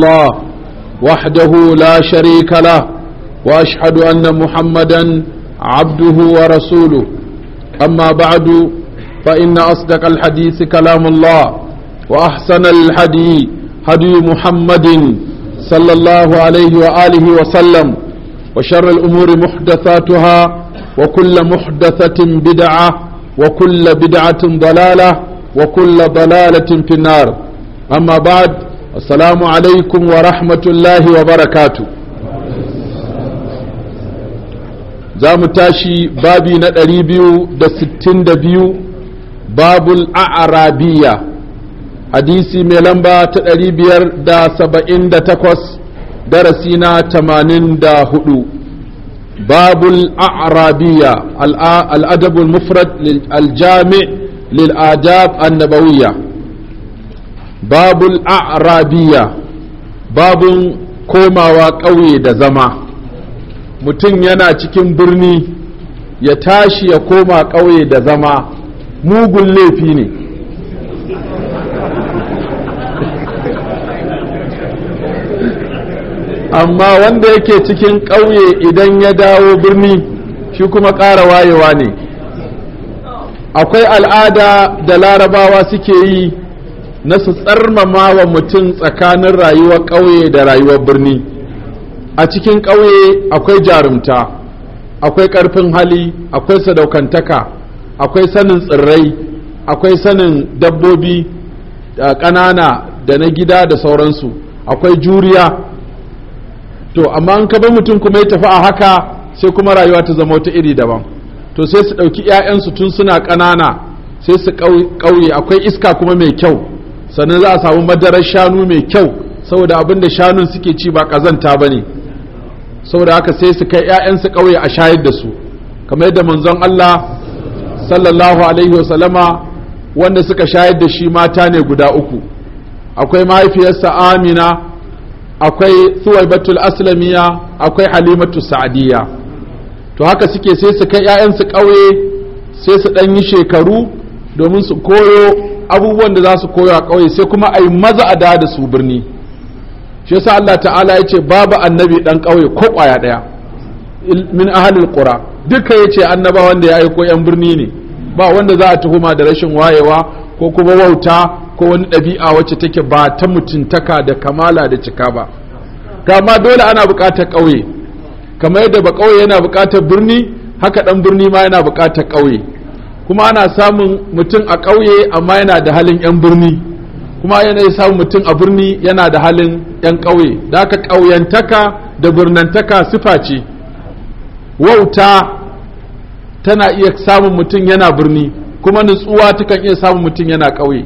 الله وحده لا شريك له واشهد ان محمدا عبده ورسوله اما بعد فان اصدق الحديث كلام الله واحسن الحديث هدي محمد صلى الله عليه واله وسلم وشر الامور محدثاتها وكل محدثه بدعه وكل بدعه ضلاله وكل ضلاله في النار اما بعد assalamu alaikum wa rahmatullahi wa barakatu za mu tashi babi na biyu babul a'arabiya hadisi mai lamba ta 578 darasi na 84 باب الأعرابية الأدب المفرد الجامع للآداب النبوية babul arabiya babun komawa ƙauye da zama mutum yana cikin birni ya tashi ya koma ƙauye da zama mugun laifi ne amma wanda yake cikin ƙauye idan ya dawo birni shi kuma ƙara wayewa ne akwai al'ada da larabawa suke yi na su tsarmama wa mutum tsakanin rayuwar ƙauye da rayuwar birni a cikin ƙauye akwai jarumta akwai ƙarfin hali akwai sadaukantaka akwai sanin tsirrai akwai sanin dabbobi ƙanana da na gida da sauransu akwai juriya to amma an ka bar mutum kuma ya tafi a haka sai kuma rayuwa ta zama wata iri daban to sai su ɗauki 'ya'yansu tun suna ƙanana sai su ƙauye akwai iska kuma mai kyau sannan za a samu madarar shanu mai kyau saboda abin da shanun suke ci ba kazanta ba ne saboda haka sai su kai 'ya'yansu ƙauye a shayar da su kamar yadda manzon Allah sallallahu alaihi wasallama wanda suka shayar da shi mata ne guda uku akwai mahaifiyarsa amina akwai batul aslamiya akwai halimatu sa'adiyya to haka suke sai su kai 'ya'yansu ƙauye sai su ɗan yi shekaru domin su koyo abubuwan da za su koya ƙauye sai kuma a yi maza a da su birni shi yasa Allah ta'ala ya ce babu annabi ɗan ƙauye ko ƙwaya ɗaya min ahalil ƙura duka ya ce annaba wanda ya aiko 'yan birni ne ba wanda za a tuhuma da rashin wayewa ko kuma wauta ko wani ɗabi'a wacce take ba ta mutuntaka da kamala da cika ba kama dole ana buƙatar ƙauye kamar yadda ba ƙauye yana buƙatar birni haka ɗan birni ma yana buƙatar ƙauye kuma ana samun mutum a ƙauye amma yana da halin 'yan birni kuma yana samun mutum a birni yana da halin 'yan ƙauye da aka ƙauyantaka da birnantaka sifa ce wauta tana iya samun mutum yana birni kuma nutsuwa takan iya samun mutum yana ƙauye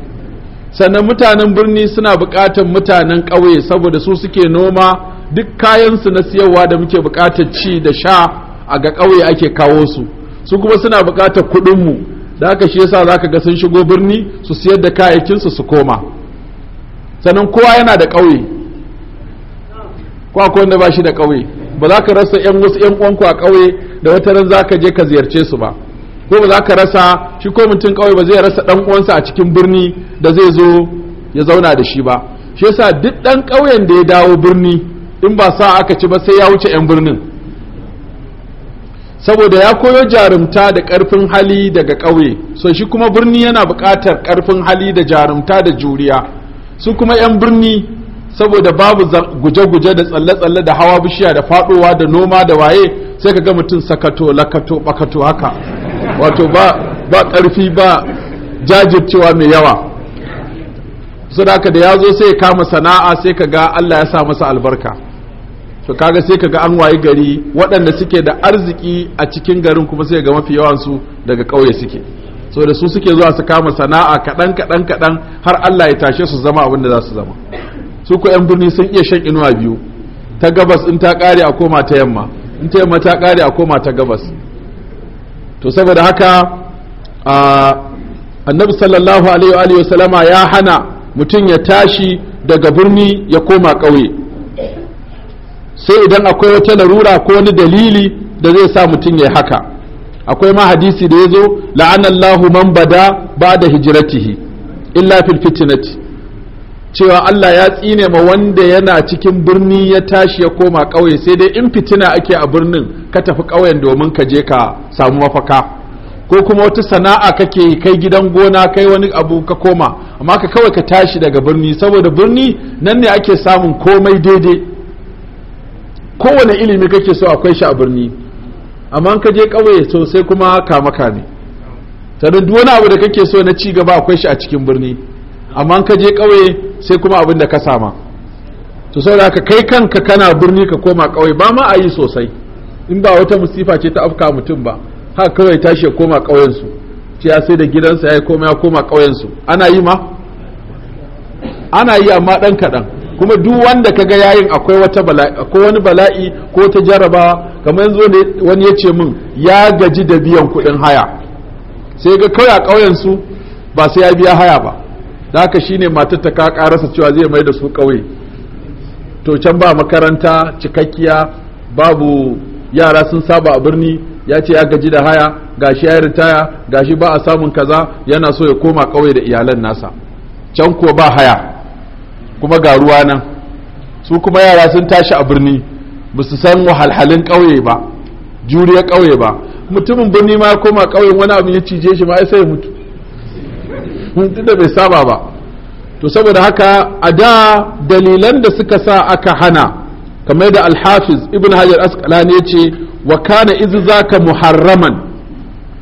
sannan mutanen birni suna buƙatar mutanen ƙauye saboda su suke noma duk kayansu na siyarwa da muke buƙatar ci da sha a ga ƙauye ake kawo su su kuma suna bukatar kuɗin mu da aka shi yasa zaka ga sun shigo birni su siyar da kayayyakin su su koma sannan kowa yana da ƙauye ko akwai ba shi da kauye ba za ka rasa yan wasu yan uwanku a kauye da wata ran za ka je ka ziyarce su ba ko ba za ka rasa shi ko mutum kauye ba zai rasa ɗan uwansa a cikin birni da zai zo ya zauna da shi ba shi yasa duk ɗan ƙauyen da ya dawo birni in ba sa aka ci ba sai ya wuce yan birnin saboda ya koyo jarumta da ƙarfin hali daga ƙauye so shi kuma birni yana buƙatar ƙarfin hali da jarumta da juriya su kuma 'yan birni saboda babu guje-guje da tsalle-tsalle da hawa bishiya da faɗowa da noma da waye sai ka ga mutum sakato lakato bakato haka wato ba ba ƙarfi ba jajircewa mai yawa haka da ya zo sai ya kama sana'a sai ka ga allah ya sa masa albarka to kaga sai kaga an wayi gari waɗanda suke da arziki a cikin garin kuma sai ga mafi yawansu daga ƙauye suke so da su suke zuwa su kama sana'a kaɗan kaɗan kaɗan har Allah ya tashe su zama abin da za su zama su ko 'yan birni sun iya shan inuwa biyu ta gabas in ta ƙare a koma ta yamma in ta yamma ta ƙare a koma ta gabas to saboda haka annabi sallallahu alaihi wa sallama ya hana mutum ya tashi daga birni ya koma ƙauye sai idan akwai wata larura ko wani dalili da zai sa mutum ya haka akwai ma hadisi da ya zo la'anallahu man bada ba da hijiratihi illa fil fitinati cewa Allah ya tsine ma wanda yana cikin birni ya tashi ya koma ƙauye sai dai in fitina ake a birnin ka tafi ƙauyen domin ka je ka samu mafaka ko kuma wata sana'a kake kai gidan gona kai wani abu ka koma amma ka kawai ka tashi daga birni saboda birni nan ne ake samun komai daidai kowane ilimi kake so akwai shi a birni amma ka je ƙauye to sai kuma kamaka ne sannan duk wani abu da kake so na ci gaba akwai shi a cikin birni amma ka je ƙauye sai kuma abin da ka sama to saboda haka kai kanka kana birni ka koma ƙauye ba ma a yi sosai in ba wata musifa ce ta afka mutum ba haka kawai tashi ya koma ƙauyensu ce ya sai da gidansa ya koma ya koma ƙauyensu ana yi ma ana yi amma ɗan kaɗan kuma duk wanda kaga yayin akwai wata bala'i akwai wani bala'i ko ta jaraba kamar yanzu wani ya ce min ya gaji da biyan kuɗin haya sai ga kawai a ƙauyen su ba sai ya biya haya ba da haka shine matar ta ka karasa cewa zai mai da su ƙauye to can ba makaranta cikakkiya babu yara sun saba a birni ya ce ya gaji da haya gashi ya ritaya gashi ba a samun kaza yana so ya koma ƙauye da iyalan nasa can kuwa ba haya kuma ga ruwa nan su kuma yara sun tashi a birni ba su san wahalhalin ƙauye ba juriya kauye ba mutumin birni ma koma ƙauyen wani abu ya cije shi ma ai sai mutu tunda bai saba ba to saboda haka a da dalilan da suka sa aka hana kamar da alhafiz ibn hajar asqalani ya ce wa kana izzaka muharraman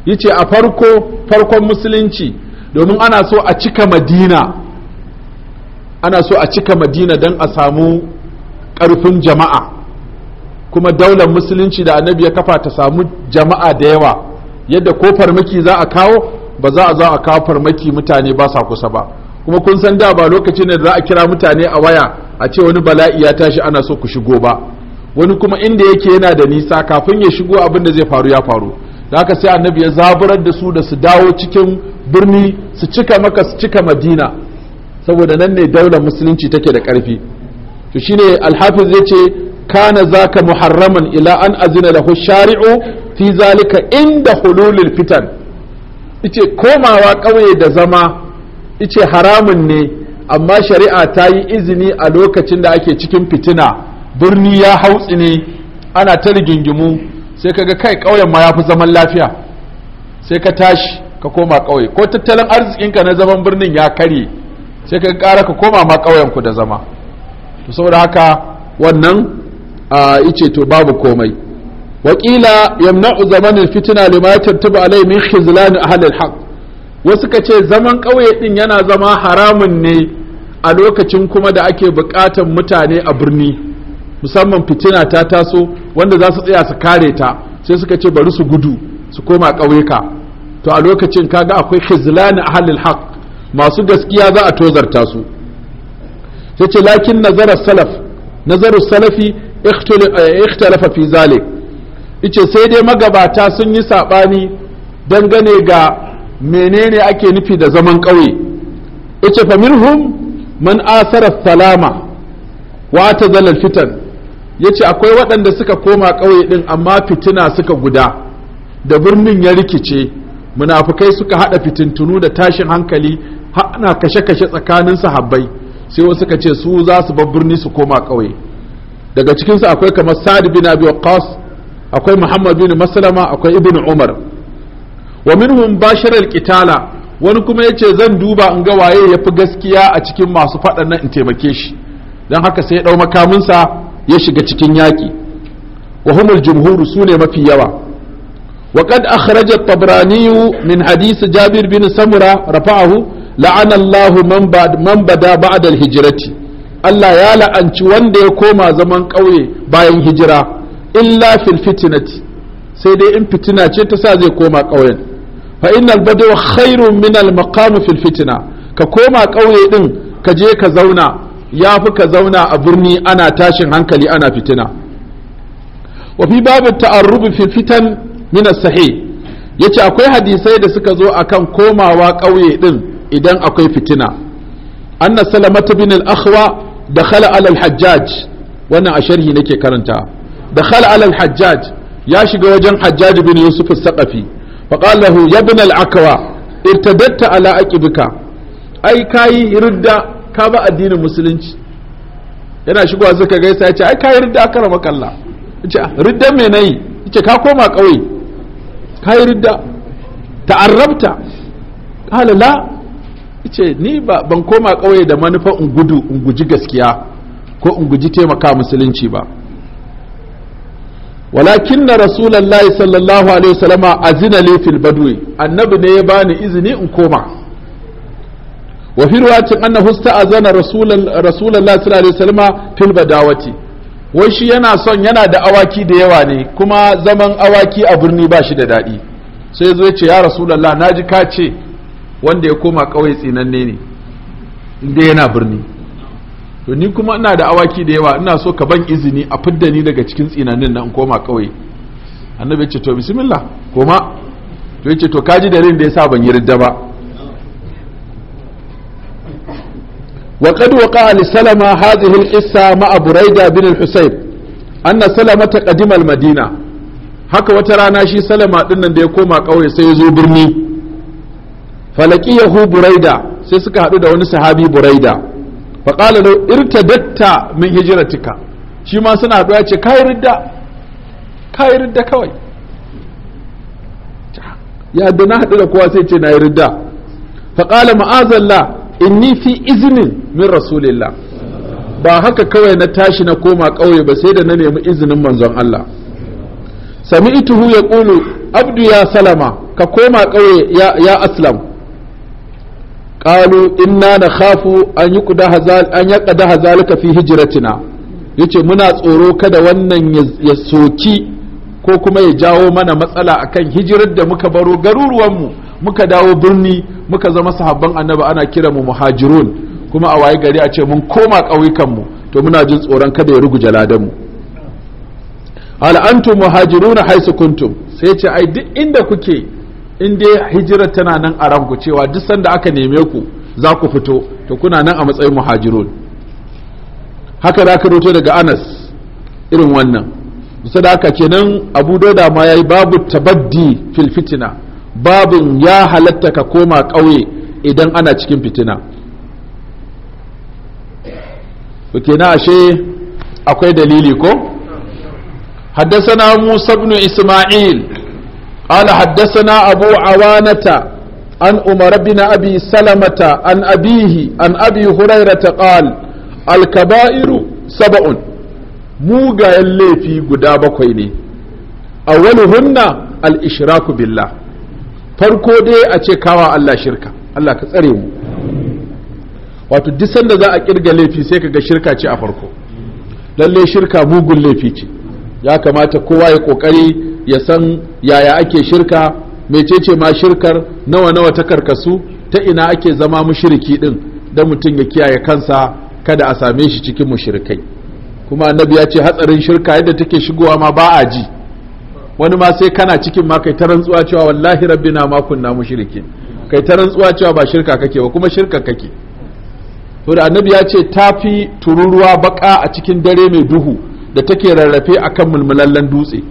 yace a farko farkon musulunci domin ana so a cika madina ana so a cika madina don a samu ƙarfin jama'a kuma daular musulunci da annabi ya kafa ta samu jama'a da yawa yadda ko farmaki za a kawo ba za a za a kawo farmaki mutane ba sa kusa ba kuma kun san da ba lokacin da za a kira mutane a waya a ce wani bala'i ya tashi ana so ku shigo ba wani kuma inda yake yana da nisa kafin ya shigo abin da zai faru ya faru da haka sai annabi ya zaburar da su da su dawo cikin birni su cika maka su cika madina saboda nan ne daular musulunci take da ƙarfi to shine alhafiz ya ce kana zaka muharraman ila an azina lahu shari'u fi zalika inda hululil fitan ice komawa ƙauye da zama ice haramun ne amma shari'a ta yi izini a lokacin da ake cikin fitina birni ya hautsi ne ana ta rigingimu sai kaga kai ƙauyen ma ya fi zaman lafiya sai ka tashi ka koma ƙauye ko tattalin arzikinka na zaman birnin ya karye sai ka kara ka koma ma ku da zama to saboda haka wannan yace to babu komai wakila yamna'u zamanin fitina lima ya tattaba alai min khizlan ahlil haq wasu ka ce zaman ƙauye din yana zama haramun ne a lokacin kuma da ake buƙatan mutane a birni musamman fitina ta taso wanda za su tsaya su kare ta sai suka ce bari su gudu su koma ƙauyuka to a lokacin kaga akwai khizlan ahlil haq masu gaskiya za a tozarta su ya ce lakin nazarar salaf nazarar salafi eh, ikhtalafa fi zalik ice sai dai magabata sun yi saɓani dangane ga menene ake nufi da zaman ƙauye ice fa minhum man asara salama wa ta zalal fitan yace akwai waɗanda suka koma ƙauye ɗin amma fitina suka guda da birnin ya rikice munafukai suka haɗa fitintunu da tashin hankali har ana kashe-kashe tsakanin sahabbai sai wasu suka ce su za su bar birni su koma ƙauye daga cikinsu akwai kamar sa'ad bin abi waqqas akwai muhammad bin maslama akwai ibn umar wa minhum bashar al-qitala wani kuma yace zan duba in ga waye yafi gaskiya a cikin masu faɗan nan in taimake shi dan haka sai ya dau makaminsa ya shiga cikin yaƙi wa humul jumhur sune mafi yawa وقد أخرج الطبراني min حديث جابر bin Samura رفعه la'anallahu man bada ba'dal hijrati Allah ya la'anci wanda ya koma zaman ƙauye bayan hijira illa fil sai dai in fitina ce ta sa zai koma ƙauyen fa innal badu khairun min al maqam fil ka koma ƙauye din ka je ka zauna yafi ka zauna a birni ana tashin hankali ana fitina wa fi babu ta'arrub fil fitan min as sahih yace akwai hadisai da suka zo akan komawa ƙauye din idan akwai fitina anna salamata bin al-akhwa dakhala ala al-hajjaj wannan a sharhi nake karanta dakhala ala al-hajjaj ya shiga wajen hajjaj bin yusuf al-saqafi fa qala lahu ya bin al-akwa irtadatta ala aqibika ai kayi ridda ka ba addinin musulunci yana shigowa suka gaisa ya ce ai kayi ridda karama kallah ce ah, ridda me nayi ce ka koma kauye kayi ridda ta'arrabta qala la ce ni ba ban koma ƙauye da manufa in gudu in guji gaskiya ko in guji taimaka musulunci ba walakin na rasulallahi sallallahu alaihi wasallama azina zina badwi annabi ne ya bani izini in koma wa fi riwayatin annahu sta'azana rasulullahi sallallahu alaihi wasallama fil badawati wai shi yana son yana da awaki da yawa ne kuma zaman awaki a birni ba shi da daɗi sai zai ce ya rasulallah na ji ka ce wanda ya koma kauye tsinanne ne inda yana birni to ni kuma ina da awaki da yawa ina so ka ban izini a fidda ni daga cikin tsinanin nan koma kauye annabi ya ce to bismillah koma to ya ce to kaji da rin da yasa ban yi ridda ba وقد Ali Salama هذه القصة مع بريدة anna salama أن سلمة al-madina haka wata rana shi salama ɗinnan da ya koma ƙauye sai ya zo birni falaki Yahu buraida sai suka haɗu da wani sahabi buraida faƙala qala irta datta min hijiratika shi ma suna haɗuwa ce kai ridda ridda kawai ya da na haɗu da kowa sai ce na yi ridda faƙala ma'azalla in inni fi izinin min rasulillah ba haka kawai na tashi na koma ƙauye ba sai da na nemi izinin manzon Allah Sami ya ƙulu abdu ya salama ka koma ƙauye ya aslam qalu inna nakhafu an yuqda hazal an yaqda hazalika fi hijratina yace muna tsoro kada wannan ya soki ko kuma ya jawo mana matsala akan hijirar da muka baro garuruwanmu muka dawo birni muka zama sahabban annabi ana kira mu muhajirun kuma a waye gari a ce mun koma mu to muna jin tsoron kada ya ruguje mu. hal antum muhajiruna haisu kuntum sai ce ai duk inda kuke in dai hijira tana nan a ranku cewa duk sanda aka neme ku za ku fito to kuna nan a matsayin muhajirun haka da ka roto daga anas irin wannan sadaka kenan abu doda ma ya yi babu tabaddi fil fitina babin ya halatta ka koma ƙauye idan ana cikin fitina kenan ashe akwai dalili ko Haddasa na musa بن Isma'il. قال حدثنا أبو عوانة عن عمر بن أبي سلمة عن أبيه عن أبي هريرة قال الكبائر سبع موغا اللي في قدابة كويني أولهن الإشراك بالله farko dai a ce kawa Allah shirka Allah ka tsare mu wato duk sanda za a kirga laifi sai ka ga shirka ce a farko lalle shirka mugun laifi ce ya kamata kowa ya kokari ya san yaya ake shirka mecece ma shirkar nawa nawa ta karkasu ta ina ake zama mushriki din da mutum ya kiyaye kansa kada a same shi cikin mushrikai kuma annabi ya ce hatsarin shirka yadda take shigowa ma ba a ji wani ma sai kana cikin ma kai ta rantsuwa cewa wallahi rabbina ma kunna mushrikin kai ta rantsuwa cewa ba shirka kake ba kuma shirka kake to da annabi ya ce tafi tururuwa baka a cikin dare mai duhu da take rarrafe akan mulmulallen dutse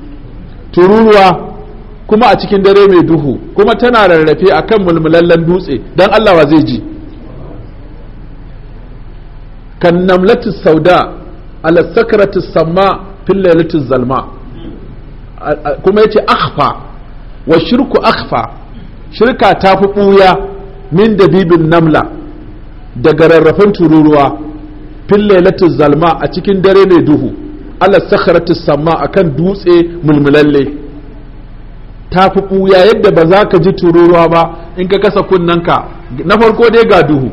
tururuwa kuma a cikin dare mai duhu kuma tana rarrafe akan mulmulallen dutse dan Allah wa zai ji kan namlatu sauda ala sakratu samma fil zalma kuma yace akhfa wa shirku akhfa shirka ta fi buya min bibin namla daga rarrafin tururuwa fil zalma a cikin dare mai duhu ala sakharati sama akan dutse mulmulalle ta fi ɓuya yadda ba za ka ji tururuwa ba in ka kasa kunnanka na farko dai ga duhu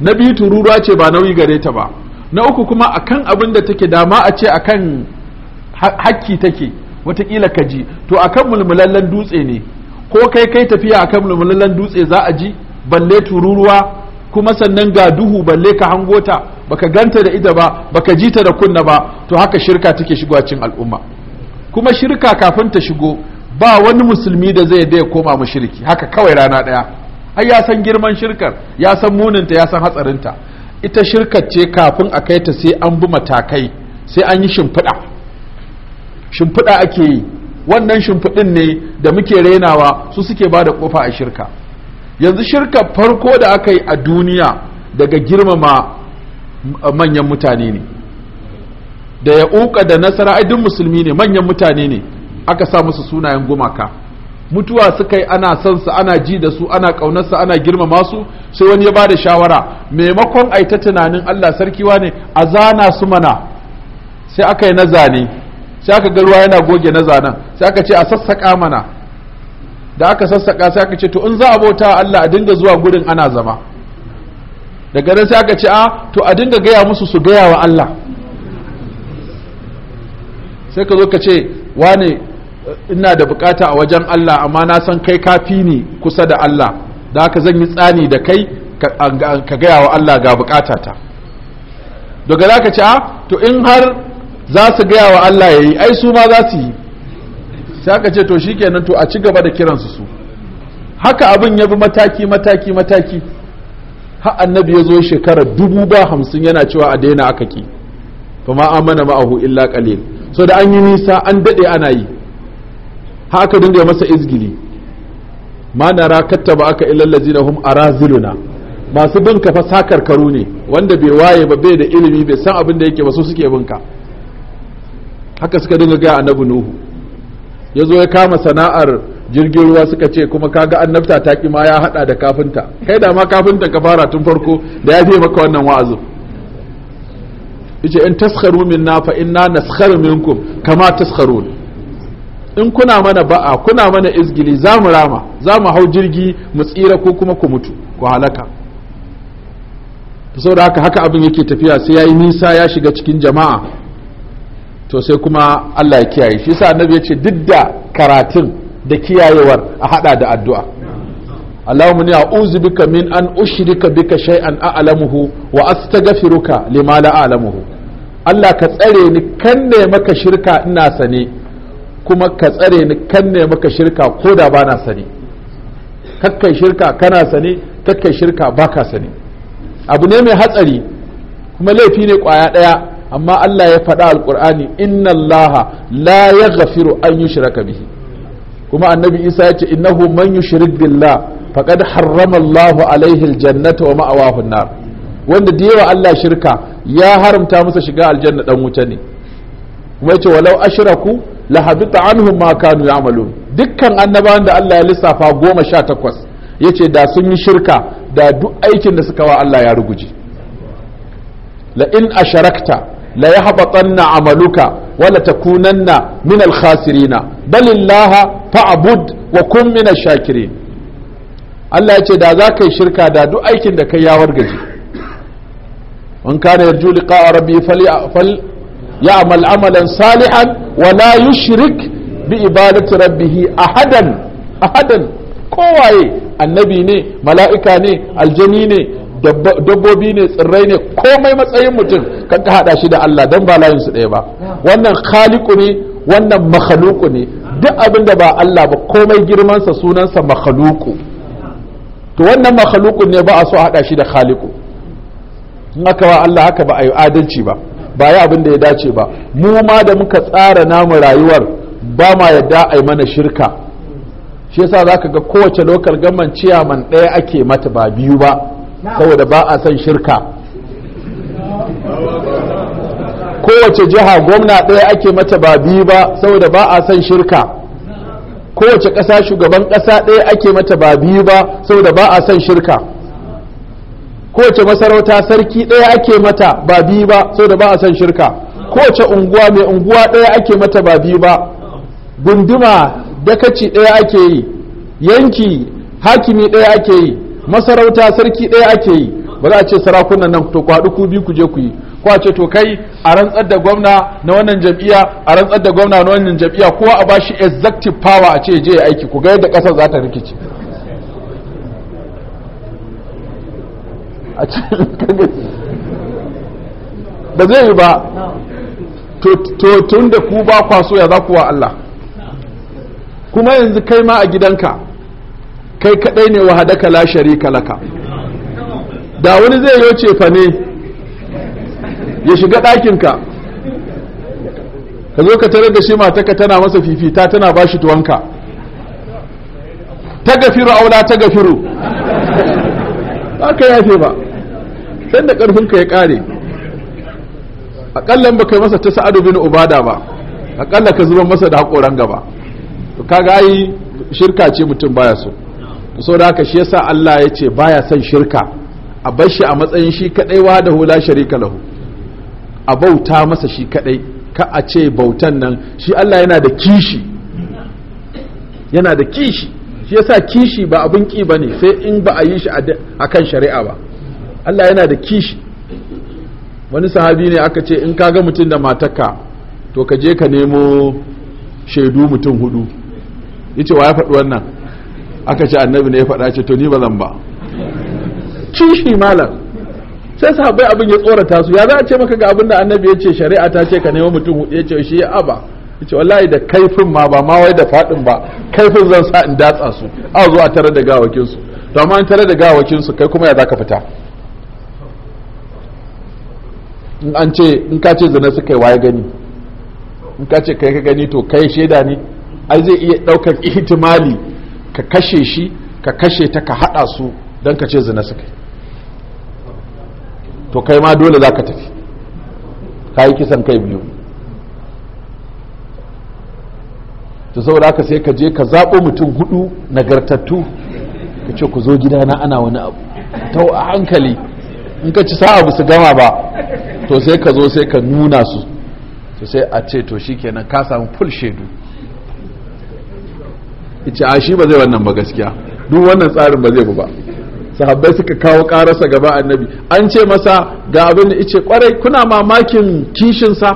na biyu tururuwa ce ba nauyi gare ta ba na uku kuma akan abin da take dama a ce akan hakki take watakila ka ji to akan mulmulallen dutse ne ko kai kai tafiya akan mulmulallen dutse za a ji balle tururuwa kuma sannan ga duhu balle ka hango ta baka ganta da ita ba baka ji ta da kunna ba to haka shirka take shigowa cikin al'umma kuma shirka kafin ta shigo ba wani musulmi da zai da ya koma mushriki haka kawai rana daya ai ya san girman shirkar ya san muninta ya san hatsarinta ita shirkar ce kafin a kai ta sai an bi matakai sai an yi shimfiɗa shimfiɗa ake yi wannan shimfiɗin ne da muke rainawa su suke ba da ƙofa a shirka yanzu shirka farko da aka yi a duniya daga girmama manyan mutane ne da ya uka da nasara a'idin musulmi ne manyan mutane ne aka sa musu sunayen gumaka mutuwa suka yi ana son su ana ji da su ana ƙaunarsa ana girmama su sai wani ya bada shawara maimakon yi ta tunanin Allah sarkiwa ne a zana su mana sai aka yi na zane sai aka ga ruwa yana goge na zanen sai aka ce a sassaƙa mana da aka sassaka sai aka ce to in za a bauta Allah a dinga zuwa gurin ana zama daga nan sai aka ce a ah, to a dinga gaya musu su gaya wa Allah sai ka zo ka ce wane ina da bukata a wajen Allah amma na san kai kafi ne kusa da Allah da aka zan yi tsani da kai ka gaya wa Allah ga ta daga za ka ce a ah, to in har za su gaya wa Allah ya yi ai su ma za su yi sai aka ce to shikenan to a ci gaba da kiransu su haka abin ya bi mataki mataki mataki har annabi ya zo shekara dubu ba hamsin yana cewa a daina aka ki fa ma amana ma'ahu illa qalil so da an yi nisa an dade ana yi haka aka dinga masa izgili ma nara kattaba aka illal ladina hum araziluna masu bin ka fa sakarkaru ne wanda bai waye ba bai da ilimi bai san abin da yake ba su suke bin haka suka dinga ga annabi nuhu ya zo ya kama sana'ar jirgin ruwa suka ce kuma kaga annabta ta ki ma ya hada da kafinta kai da ma kafinta ka fara tun farko da ya fi maka wannan wa'azi yace in taskharu minna fa inna naskharu minkum kama taskharun in kuna mana ba'a kuna mana izgili za mu rama za mu hau jirgi mu tsira ko kuma ku mutu ku halaka saboda haka haka abin yake tafiya sai yayi nisa ya shiga cikin jama'a to sai kuma Allah ya kiyaye shi sa annabi ya ce duk da karatun da kiyayewar a hada da addu'a Allahumma ni a'udhu bika min an ushrika bika shay'an a'lamuhu wa astaghfiruka lima la a'lamuhu Allah ka tsare ni kan ne maka shirka ina sane kuma ka tsare ni kan ne maka shirka koda ba na sane kakkai shirka kana sane kakkai shirka baka sane abu ne mai hatsari kuma laifi ne kwaya daya amma Allah ya faɗa alƙur'ani inna Allah la yaghfiru an yushraka bihi kuma annabi Isa ya ce innahu man yushrik billah faqad harrama Allah alaihi aljannata wa ma'awahun nar wanda da yawa Allah shirka ya haramta masa shiga aljanna dan wuta ne kuma yace walau ashraku la habita anhum ma kanu ya'malun dukkan annabawan da Allah ya lissafa goma sha takwas yace da sun yi shirka da duk aikin da suka wa Allah ya ruguje la in asharakta la na amaluka wala ta min minal khasirina balillaha fa'bud wa kun min ash-shakirin Allah ya ce da za ka yi shirka da duk aikin da kai ya wargaje man kana yarju liqa'a rabbi fal ya'mal amalan salihan wa la yushrik bi ibadati rabbih ahadan ahadan kowaye annabi ne mala'ika ne aljani ne dabbobi ne tsirrai ne komai matsayin mutum kan ka hada shi da Allah dan ba layin su ɗaya ba wannan khaliqu ne wannan makhluqu ne duk abin da ba Allah ba komai girmansa sunansa makhluqu to wannan makhluqu ne ba a so hada shi da khaliqu in aka wa Allah haka ba a yi adalci ba ba yi abin da ya dace ba mu ma da muka tsara namu rayuwar ba ma yadda a yi mana shirka shi yasa zaka ga kowace lokal gaman ciyaman ɗaya ake mata ba biyu ba saboda ba a son shirka kowace jiha gwamna ɗaya ake mata ba biyu ba saboda ba a son shirka kowace ƙasa shugaban ƙasa ɗaya ake mata ba biyu ba saboda ba a son shirka kowace masarauta sarki ɗaya ake mata ba biyu ba saboda ba a son shirka kowace unguwa mai unguwa ɗaya ake mata ba biyu ba gunduma dakaci ɗaya ake yi yanki hakimi ɗaya ake yi masarauta sarki ɗaya ake yi ba za a ce sarakunan nan to ku ku biyu ku je ku yi ko a ce to kai a rantsar da gwamna na wannan jam'iyya a rantsar da gwamna na wannan jam'iyya ko a bashi exactive power a ce je ya aiki ku ga yadda ƙasar za ta rikice ba zai yi ba to tun da ku ba kwaso ya za ku wa Allah kuma yanzu kai ma a gidanka kai kadai ne wa hadaka la sharika laka da wani zai yo fa ne ya shiga ɗakinka ka zo ka tare da shi mataka tana masa fifita tana ba shi tuwanka ta gafiru aula ta gafiru ba ka yafe ba sai da ƙarfinka ya ƙare aƙallan ba kai masa ta sa'adu bin ubada ba aƙalla ka zuba masa da haƙoran gaba kaga ai shirka ce mutum baya so so da haka shi yasa Allah ya ce baya son shirka a bar shi a matsayin shi kadai wa da hula sharika lahu a bauta masa shi kadai ka a ce bautan nan shi Allah yana da kishi yana da kishi shi yasa kishi ba abin ki bane sai in ba a yi shi a kan shari'a ba Allah yana da kishi wani sahabi ne aka ce in kaga mutum da mataka to ka je ka nemo shaidu mutum hudu yace wa ya faɗi wannan aka ce annabi ne ya faɗa ce to ni ba zan ba kishi malam sai sahabbai abin ya tsorata su ya za a ce maka ga abin da annabi ya ce shari'a ta ce ka nemi mutum hudu ya ce shi ya aba ya ce wallahi da kaifin ma ba ma wai da faɗin ba kaifin zan sa in datsa su a zo a tare da gawakin su to amma an tare da gawakin su kai kuma ya zaka fita in an ce in ka ce zina suka yi waye gani in ka ce kai ka gani to kai shaida ne ai zai iya ɗaukar ihtimali ka kashe shi ka kashe ta ka haɗa su don ka ce zina suka to kai ma dole za ka tafi ka yi kisan kai biyu to saboda haka sai ka je ka zaɓo mutum hudu nagartattu ka ce ku zo gidana ana wani abu ta a hankali in ka ci sa'a ba su gama ba to sai ka zo sai ka nuna su to sai a ce to shi kenan ka samu full shaidu ce a shi ba zai wannan ba gaskiya duk wannan tsarin ba zai ba sahabbai suka kawo karasa gaba annabi an ce masa ga abin da ice kwarai kuna mamakin kishinsa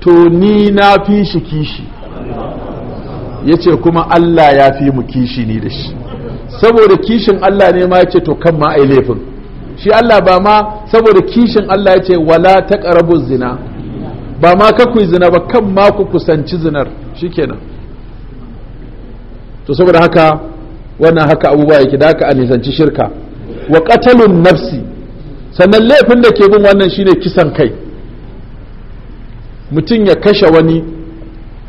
to ni na fi shi kishi ya ce kuma Allah ya fi mu kishi ni da shi saboda kishin Allah ne ma ya ce to kan ma ai laifin shi Allah ba ma saboda kishin Allah ya ce wala ta zina ba ma ka ku zina ba kan ma ku kusanci zinar shikenan to saboda haka wannan haka abubuwa yake da haka a nisanci shirka wa katalun nafsi sannan laifin da ke bin wannan shine kisan kai mutum ya kashe wani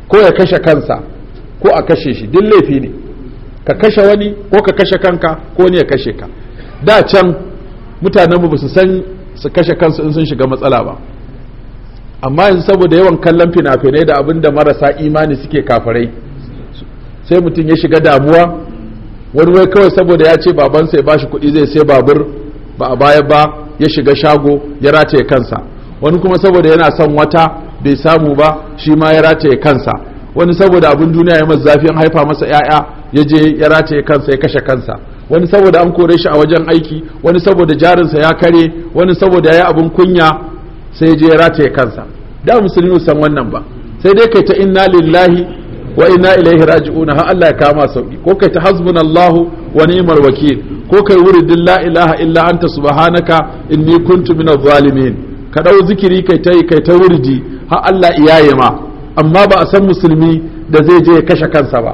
ko ya kashe kansa ko a kashe shi duk laifi ne ka kashe wani ko ka kashe kanka ko wani ya kashe ka da can mutanen ba su san su kashe kansu in sun shiga matsala ba amma yanzu saboda yawan kallon fina-finai da abin da marasa imani suke kafarai sai mutum ya shiga damuwa wani wai kawai saboda ya ce babansa ya shi kuɗi zai sai babur ba a baya ba ya shiga shago ya rataye kansa wani kuma saboda yana son wata bai samu ba shi ma ya rataye kansa wani saboda abin duniya ya masa an haifa masa ya'ya ya je ya rataye kansa ya kashe kansa wani saboda an kore shi a wajen aiki wani saboda jarinsa ya kare wani saboda ya yi abin kunya sai ya je ya rataye kansa da musulmi san wannan ba sai dai kai ta inna lillahi wa inna ilaihi raji'un ha Allah ya kama sauki ko kai ta hasbunallahu wa ni'mal wakil ko kai wuridin la ilaha illa anta subhanaka inni kuntu minadh zalimin ka dau zikiri kai ta kai ta wuridi har Allah iyaye ma amma ba a san musulmi da zai je ya kashe kansa ba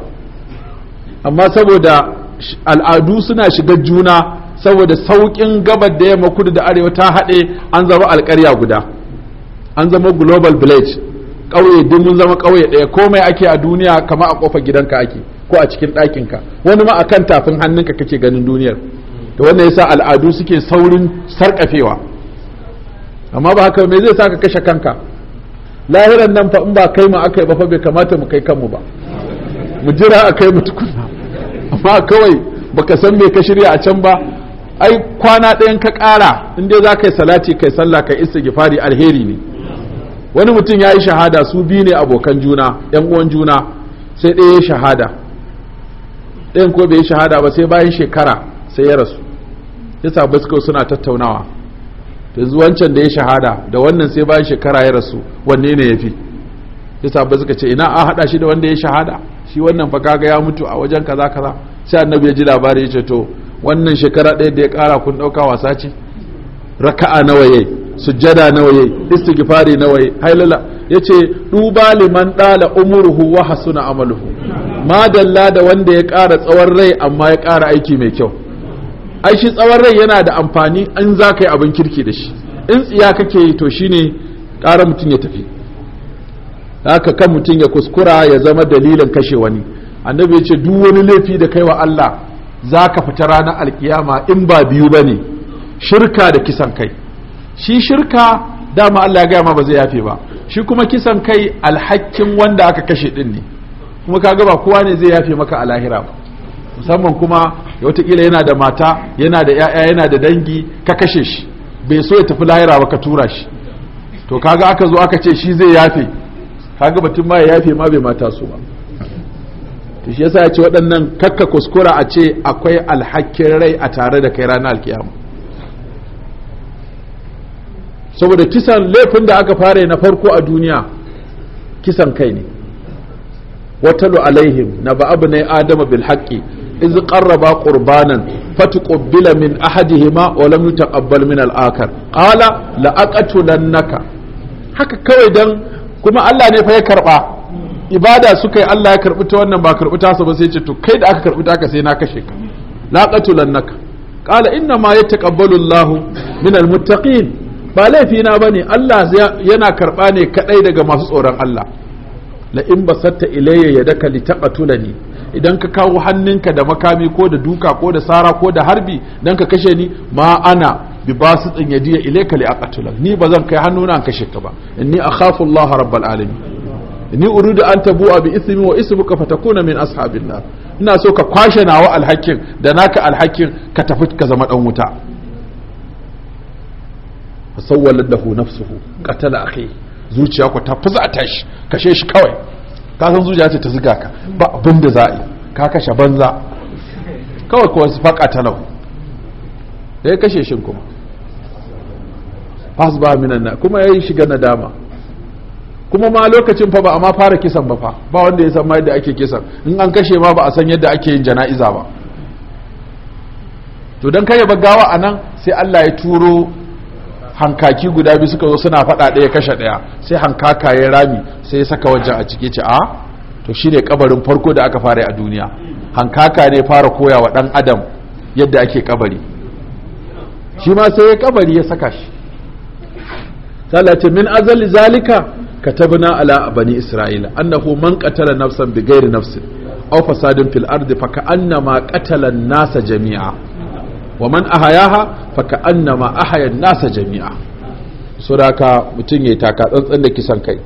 amma saboda al'adu suna shiga juna saboda saukin gabar da yamma kudu da arewa ta haɗe an zama alƙarya guda an zama global village ƙauye duk mun zama ƙauye ɗaya komai ake a duniya kama a ƙofar gidanka ake ko a cikin ɗakinka wani ma akan tafin hannunka kake ganin duniyar to wannan yasa al'adu suke saurin sarƙafewa amma ba haka me zai sa kashe kanka lahiran nan fa in ba kai mu aka ba fa bai kamata mu kai kanmu ba mu jira a kai mu tukuna amma kawai baka san me ka shirya a can ba ai kwana ɗayan ka ƙara in dai za ka yi salati kai sallah kai istighfari alheri ne wani mutum ya yi shahada su biyu ne abokan juna yan uwan juna sai ɗaya ya shahada ɗayan ko bai yi shahada ba sai bayan shekara sai ya rasu ya sa basko suna tattaunawa yanzu wancan da ya shahada da wannan sai bayan shekara ya rasu wanne ne ya fi ya sa suka ce ina a haɗa shi da wanda ya shahada shi wannan fa kaga ya mutu a wajen kaza kaza sai annabi ya ji labari ya ce to wannan shekara ɗaya da ya ƙara kun ɗauka wasa ce raka'a nawa yayi sujjada nawa yayi istighfari nawa yayi hailala yace duba liman dala umruhu wa hasuna amaluhu madalla da wanda ya kara tsawon rai amma ya kara aiki mai kyau ai shi tsawon rai yana da amfani in za ka yi abin kirki da shi in tsiya kake yi to shine ƙara mutum ya tafi haka kan mutum ya kuskura ya zama dalilin kashe wani annabi yace duk wani laifi da kai wa Allah zaka fita ranar alkiyama in ba biyu bane shirka da kisan kai shi shirka dama Allah ya gaya ma ba zai yafe ba shi kuma kisan kai alhakin wanda aka kashe din ne kuma kaga ba kowa ne zai yafe maka a lahira ba musamman kuma wataƙila yana da mata yana da 'ya'ya yana da dangi ka kashe shi bai so ya tafi lahira ba ka tura shi to kaga aka zo aka ce shi zai yafe kaga batun ma ya yafe ma bai mata su ba to shi yasa ya ce waɗannan kakka kuskura a ce akwai alhakin rai a tare da kai ranar alkiyama saboda kisan laifin da aka fara na farko a duniya kisan kai ne watalu alaihim na ba'abu ne adama bil haƙƙi iz qarraba qurbanan fatuqbila min ahadihima wa lam yutaqabbal min al-akhar qala la haka kawai dan kuma Allah ne fa ya karba ibada suka yi Allah ya karbi ta wannan ba karbi ta ba sai ce to kai da aka karbi ta aka sai na kashe ka la aqatulannaka qala inna ma yataqabbalu Allahu min al-muttaqin ba laifi na ne. Allah yana karɓa ne kaɗai daga masu tsoron Allah la in da ilayya yadaka litaqatulani idan ka kawo hannunka da makami ko da duka ko da sara ko da harbi dan ka kashe ni ma ana bi basitin yadiya ilayka li aqatulak ni bazan kai hannuna an kashe ka ba inni akhafu Allah rabbal alamin ni uridu an wa bi ismi wa ismuka fatakuna min ashabin nar ina so ka kwashe nawa alhakin da naka alhakin ka tafi ka zama dan wuta fasawwalar da nafsuhu katala akhi zuciya ku ta fuza tashi kashe shi kawai ka san zuciya ce ta zuga ka ba abin da za a yi ka kashe banza kawai kuwa su faka ta nau da ya kashe shi kuma fas ba minan na kuma ya yi shiga nadama kuma ma lokacin fa ba a ma fara kisan ba fa ba wanda ya san ma yadda ake kisan in an kashe ma ba a san yadda ake yin jana'iza ba to don kai ya gawa a nan sai Allah ya turo hankaki guda biyu suka zo suna faɗa ɗaya kashe ɗaya sai hankaka ya rami sai ya saka wajen a cike ce a ah, to shine kabarin farko da aka fara a duniya hankaka ne fara koya wa ɗan adam yadda ake kabari shi ma sai ya kabari ya saka shi salati min azali zalika ka katabna ala a bani isra'ila annahu man qatala nafsan bighairi nafsin aw fasadin fil ardi fa qatala nasa jami'a wa man ahayaha fa annama ahaya nasa jami'a suraka da mutum yayi taka tsantsan da kisan kai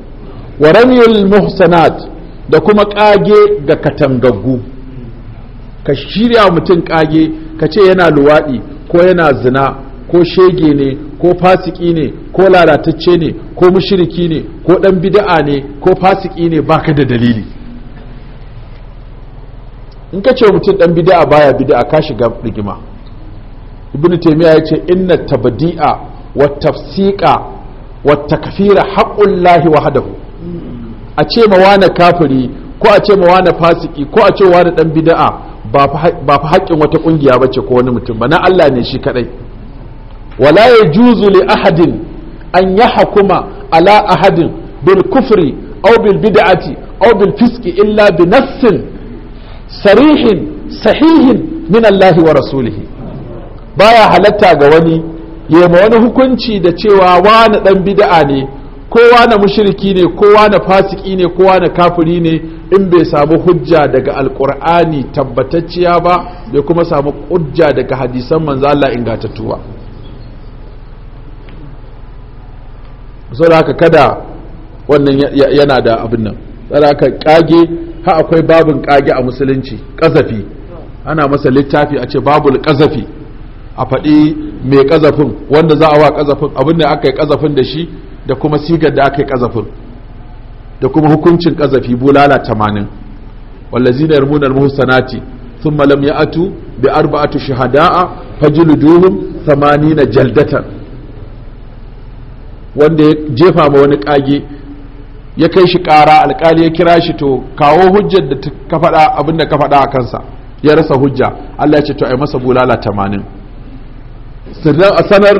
wa ramyul muhsanat da kuma kage ga katangaggu ka shirya mutum kage ka ce yana luwaɗi ko yana zina ko shege ne ko fasiki ne ko lalatacce ne ko mushiriki ne ko ɗan bida'a ne ko fasiki ne baka da dalili in ka ce mutum ɗan bida'a baya bida'a ka shiga rigima ibn taymiya yace inna tabdi'a wa tafsiqa wa takfira haqqullahi wahdahu a ce ma wani kafiri ko a ce ma wani fasiki ko a ce wani dan bid'a ba fa haƙƙin wata ƙungiya ba ce ko wani mutum ba na Allah ne shi kadai wala yajuzu li ahadin an yahkuma ala ahadin bil kufri aw bil bid'ati aw bil illa bi nassin sarihin sahihin min Allah wa rasulihi baya halatta ga wani ya ma wani hukunci da cewa wani dan bid'a ne kowa na mushriki ne kowa na fasiki ne kowa na kafiri ne in bai samu hujja daga alkur'ani tabbatacciya ba bai kuma samu hujja daga hadisan manzo Allah ingatattu ba saboda kada wannan yana da abin nan saboda ka kage ha akwai babin kage a musulunci kazafi ana masa littafi a ce babul kazafi a faɗi mai ƙazafin wanda za a wa ƙazafin abin da aka yi ƙazafin da shi da kuma sigar da aka yi ƙazafin da kuma hukuncin ƙazafi bulala tamanin wallazina yarmuna sun malam ya atu bi fajilu duhun samani na jaldatan wanda ya jefa ma wani ƙage ya kai shi ƙara alƙali ya kira shi to kawo hujjar da ka faɗa abin da ka faɗa a kansa ya rasa hujja Allah ya ce to ai masa bulala tamanin sannan a sanar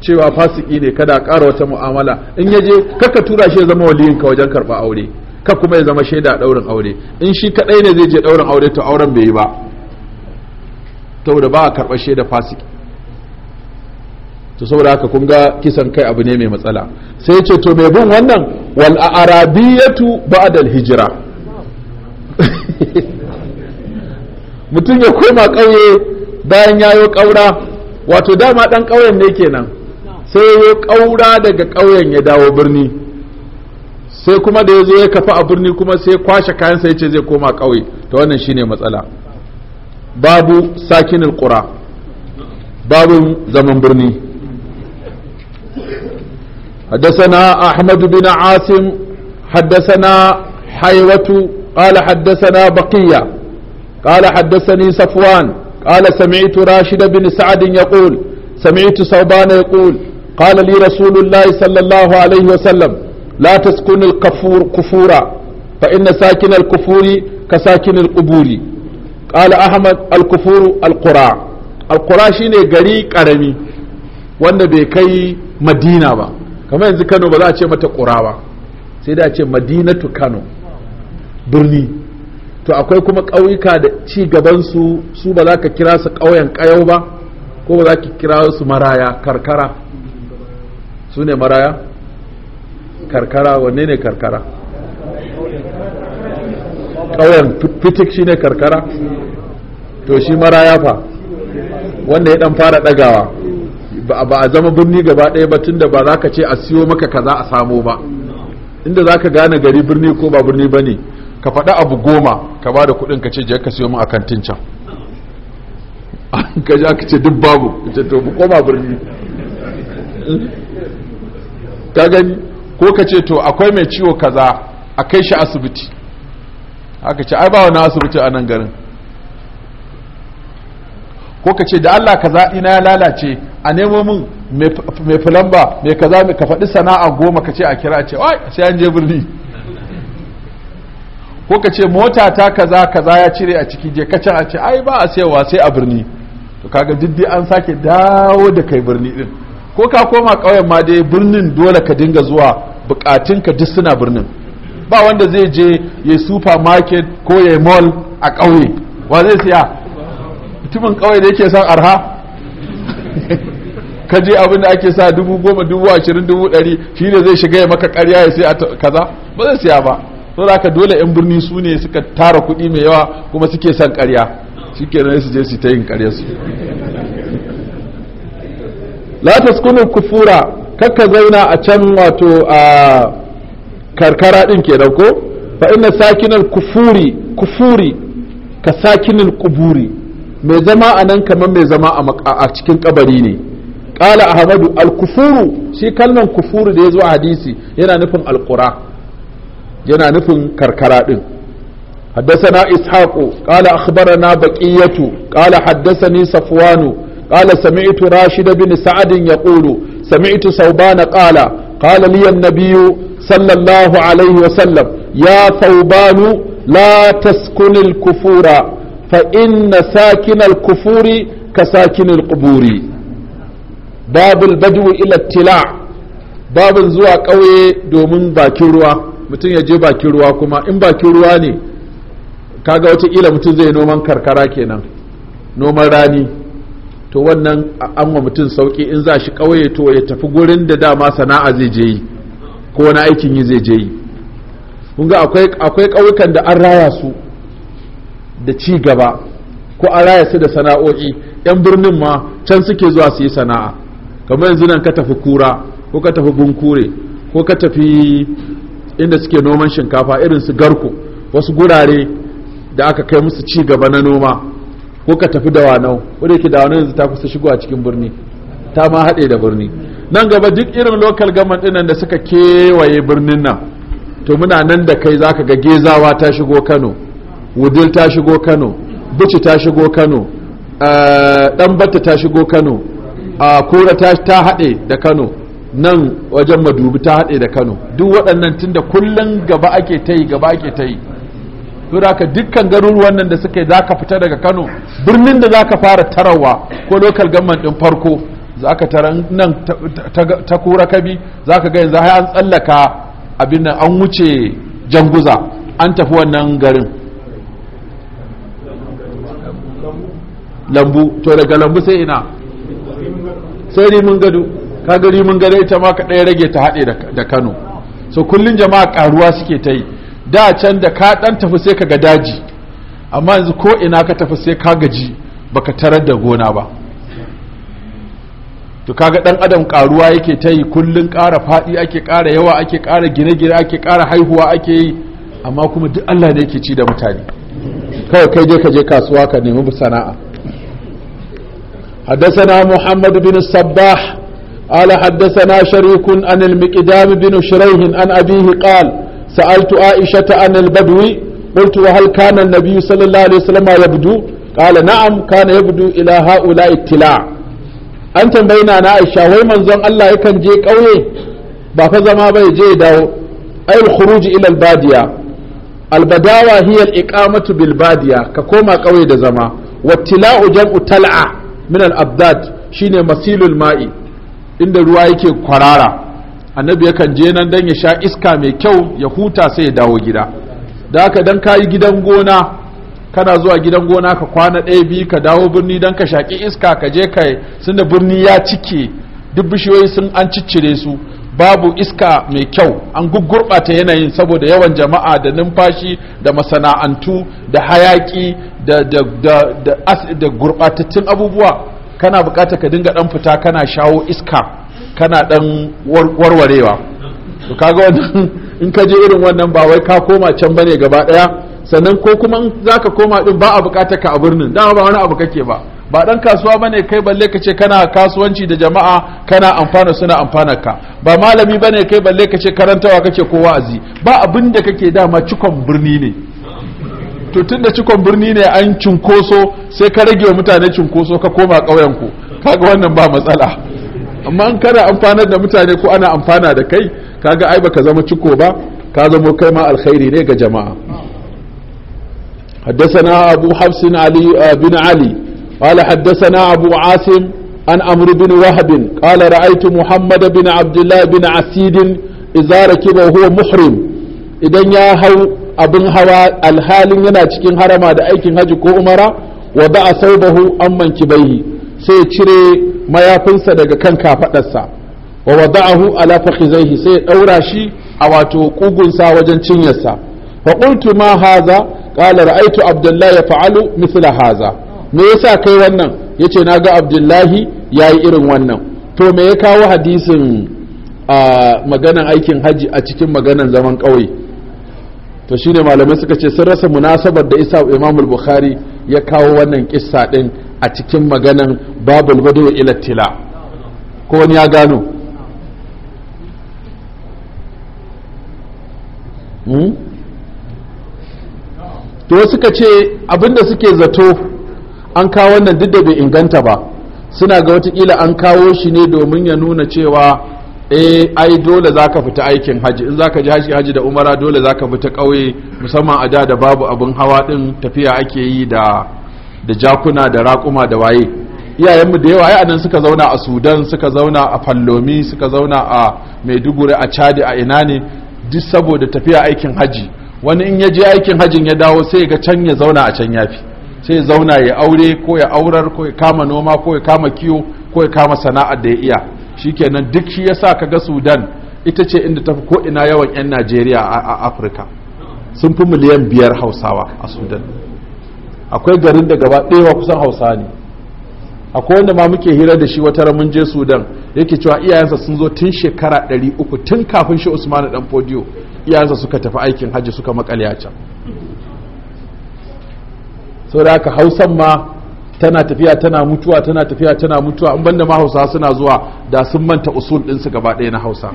cewa fasiki ne kada a ƙara wata mu'amala in yaje kaka tura shi ya zama waliyinka wajen karɓa aure ka kuma ya zama shaida a ɗaurin aure in shi kaɗai ne zai je ɗaurin aure to auren bai yi ba To da ba a karɓar shaida fasiki to saboda haka kun ga kisan kai abu ne mai matsala sai ce to mai bin wannan wal arabiyatu ba'dal hijira mutum ya koma ƙauye bayan yayo ƙaura wato dama ɗan ƙauyen ne kenan sai ya ƙaura daga ƙauyen ya dawo birni sai kuma da ya zo ya kafa a birni kuma sai kwashe kayan sai ce zai koma ƙauye ta wannan shine matsala babu sakinin ƙura babu zaman birni حدثنا أحمد بن عاصم حدثنا حيوة قال حدثنا بقية قال حدثني صفوان قال سمعت راشد بن سعد يقول سمعت صوبان يقول قال لي رسول الله صلى الله عليه وسلم لا تسكن الكفور كفورا فإن ساكن الكفور كساكن القبور قال أحمد الكفور القراع القراع شيني غري قرمي wanda bai kai madina ba kamar yanzu kano ba za a ce mata ƙura ba sai da a ce madinatu kano birni to akwai kuma ƙauyuka da ci gabansu su ba za ka kira su ƙauyen ƙayau ba ko ba za ka kira su maraya karkara su ne maraya karkara wanne ne karkara ƙauyen fitik shi ne karkara to shi maraya fa wanda ya dan fara ɗagawa ba a zama birni gaba ɗaya ba tunda ba za ka ce a siyo maka kaza a samo ba inda za ka gane gari birni ko ba birni ba ne ka faɗi abu goma ka ba da kuɗin ka ce je ka siyo mu a kantin can ka ja ka ce duk babu ka ce to mu koma birni ka gani ko ka ce to akwai mai ciwo kaza a kai shi asibiti aka ce ai ba wani asibiti a nan garin ko ka ce da Allah kaza ina ya lalace a nemo min mai fulamba mai kaza mai ka faɗi sana'a goma ka ce a kira ce wai sai an je birni ko ka ce mota ta kaza kaza ya cire a ciki je ka a ce ai ba a sayarwa sai a birni to kaga diddi an sake dawo da kai birni din ko ka koma ƙauyen ma dai birnin dole ka dinga zuwa ka duk suna birnin ba wanda zai je ya supermarket ko ya mall a ƙauye wa zai siya mutumin ƙauye da yake son arha ka je abin da ake sa dubu goma dubu ashirin dubu ɗari shi ne zai shiga ya maka ƙarya ya sai kaza ba zai siya ba so da dole yan birni su ne suka tara kuɗi mai yawa kuma suke son ƙarya shi nan su je su ta yin ƙarya su la taskunu kufura kakka zauna a can wato a karkara din ke ko fa inna sakinan kufuri kufuri ka sakinin kuburi mai zama a nan kamar mai zama a cikin kabari ne ƙala ahmadu al-kufuru shi kalman kufuru da ya zo a hadisi yana nufin alkura yana nufin karkara din حدثنا إسحاق قال أخبرنا بقية قال حدثني صفوان قال سمعت راشد بن سعد يقول سمعت ثوبان قال قال لي النبي صلى الله عليه وسلم يا ثوبان لا تسكن الكفور فإن ساكن الكفور كساكن القبور باب البدو إلى التلاع باب زوا قوي دومن باكروا mutum ya je bakin ruwa kuma in bakin ruwa ne kaga wataƙila mutum zai noman karkara kenan noman rani to wannan an wa mutum sauki in za shi ƙauye to ya tafi gurin da dama sana'a zai je yi ko wani aikin yi zai je yi kun ga akwai ƙauyukan da an raya su da ci gaba ko an raya su da sana'o'i yan birnin ma can suke zuwa su yi sana'a kamar yanzu nan ka tafi kura ko ka tafi bunkure ko ka tafi inda suke noman shinkafa irin su garko wasu gurare da aka kai musu ci gaba na noma ko ka tafi da dawanau wadda yake dawanau yanzu ta kusa shigo a cikin birni ta ma haɗe da birni nan gaba duk irin lokal government ɗinan da suka kewaye birnin nan to muna nan da kai zaka ga gezawa ta shigo kano wudil ta shigo kano bici ta shigo kano eh, ɗanbata ta shigo kano a kura ta haɗe da kano nan wajen madubi ta haɗe da kano duk waɗannan tun da kullum gaba ake ta yi gaba ake ta yi to da dukkan garuruwan nan da suka yi za ka fita daga kano birnin da za ka fara tarawa ko lokal gamman ɗin farko za ka tara nan ta kura kabi za ka ga yanzu an tsallaka abin nan an wuce janguza an tafi wannan garin lambu to daga lambu sai ina sai rimin gado ka gari mun gare ta ma ka ɗaya rage ta haɗe da kano so kullum jama'a ƙaruwa suke ta yi da can da ka ɗan tafi sai ka ga daji amma yanzu ko ina ka tafi sai ka gaji baka tarar da gona ba to kaga ɗan adam ƙaruwa yake ta yi kullum ƙara faɗi ake ƙara yawa ake ƙara gine-gine ake ƙara haihuwa ake yi amma kuma duk Allah ne yake ci da mutane kawai kai je ka je kasuwa ka nemi sana'a حدثنا محمد بن الصباح قال حدثنا شريك عن المقدام بن شريح عن أبيه قال سألت عائشة عن البدو قلت وهل كان النبي صلى الله عليه وسلم يبدو قال نعم كان يبدو إلى هؤلاء التلاع an tambayi na na aisha wai manzon Allah yakan je ƙauye ba fa zama bai je dawo ay khuruj ila albadiya albadawa hiya aliqamatu bil badiya ka koma ƙauye da zama wattila'u jam'u tal'a min abdad shine masilul ma'i inda ruwa yake kwarara annabi yakan je nan don ya sha iska mai kyau ya huta sai ya dawo gida da haka ka yi gidan gona kana zuwa gidan gona ka kwana ɗaya biyu ka dawo birni don ka shaƙi iska ka je ka da birni ya cike duk bishiyoyi sun an ciccire su babu iska mai kyau an gugurɓata yanayin saboda yawan jama'a da numfashi da masana'antu da hayaƙi, da, da gurɓatattun abubuwa kana bukatar ka dinga dan fita kana shawo iska kana dan warwarewa to kaga wannan in ka je irin wannan ba wai ka koma can bane gaba daya sannan ko kuma in zaka koma din ba a bukata ka a birnin dan ba wani abu kake ba ba dan kasuwa bane kai balle ka kana kasuwanci da jama'a kana amfana suna amfanar ka ba malami bane kai balle ka karantawa kake ko wa'azi ba abin da kake dama cikon birni ne to tun da cikon birni ne an cunkoso, sai ka rage wa mutane cunkoso ka koma ƙauyenku kaga wannan ba matsala amma an kana amfanar da mutane ko ana amfana da kai kaga ai baka zama ciko ba ka zama kai ma alkhairi ne ga jama'a حدثنا أبو حفص علي بن علي قال حدثنا أبو عاصم عن عمرو بن وهب قال رأيت محمد بن عبد الله بن عسيد إذا ركب وهو محرم إذا يا هو abin hawa alhalin yana cikin harama da aikin haji ko umara wa ba'a saubahu manki baihi sai cire mayafinsa daga kan kafadarsa wa wada'ahu ala fakhizaihi sai ɗaura shi a wato kugunsa wajen cinyarsa fa qultu ma haza qala ra'aytu abdullahi yaf'alu mithla haza me yasa kai wannan yace naga abdullahi yayi irin wannan to me ya kawo hadisin a ah, maganan aikin haji a cikin maganan zaman ƙauye to shi ne malamai suka ce sun rasa munasabar da isa imam bukhari ya kawo wannan kissa din a cikin maganan babul badu ila tila ko wani ya gano hmm? to suka ce abinda suke zato an kawo wannan duk da bai inganta ba suna ga watakila an kawo shi ne domin ya nuna cewa eh ai dole zaka fita aikin haji in zaka je haji haji da umara dole za zaka fita ƙauye musamman a da da babu abin hawa ɗin tafiya ake yi da da jakuna da raƙuma da waye iyayenmu da yawa anan suka zauna a sudan suka zauna a fallomi suka zauna a maiduguri a chadi a ina ne duk saboda tafiya aikin haji wani in ya je aikin hajin ya dawo sai ga can ya zauna a can yafi sai zauna ya aure ko ya aurar ko ya kama noma ko ya kama kiwo ko ya kama sana'ar da ya iya Shi shikenan duk shi yasa ga Sudan ita ce inda tafi ko ina yawan 'yan Najeriya a Afirka sun fi miliyan biyar Hausawa a Sudan akwai garin da gaba ɗaya kusan Hausa ne akwai wanda ma muke hira da shi wata ramin je Sudan yake cewa iyayensa sun zo tun shekara 300 tun kafin shi Usmanu dan Fodiyo iyayensa suka tafi aikin hajji suka makale a can da haka Hausan ma tana tafiya tana mutuwa tana tafiya tana mutuwa in banda ma hausa suna zuwa da sun manta usul ɗinsu gaba ɗaya na hausa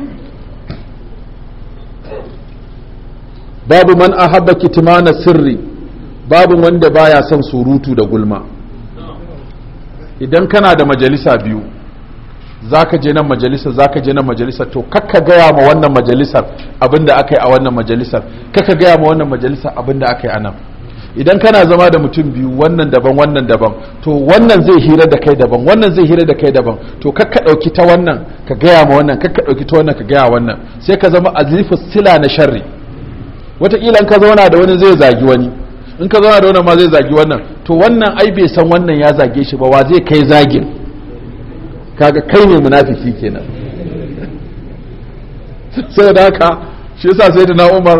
babu man ahabba kitmana sirri babu wanda baya son surutu da gulma idan kana da majalisa biyu zaka je nan majalisa zaka je nan majalisa to kakka gaya ma wannan majalisar abinda aka yi a wannan majalisar kakka gaya ma wannan majalisar abinda aka yi a nan idan kana zama da mutum biyu wannan daban wannan daban to wannan zai hira da kai daban wannan zai hira da kai daban to kakka ɗauki ta wannan ka gaya ma wannan kakka ɗauki ta wannan ka gaya wannan sai ka zama azlifu sila na sharri wataƙila in ka zauna da wani zai zagi wani in ka zauna da wani ma zai zagi wannan to wannan ai bai san wannan ya zage shi ba wa zai kai zagin kaga kai ne munafiki kenan sai da haka shi yasa sai da na umar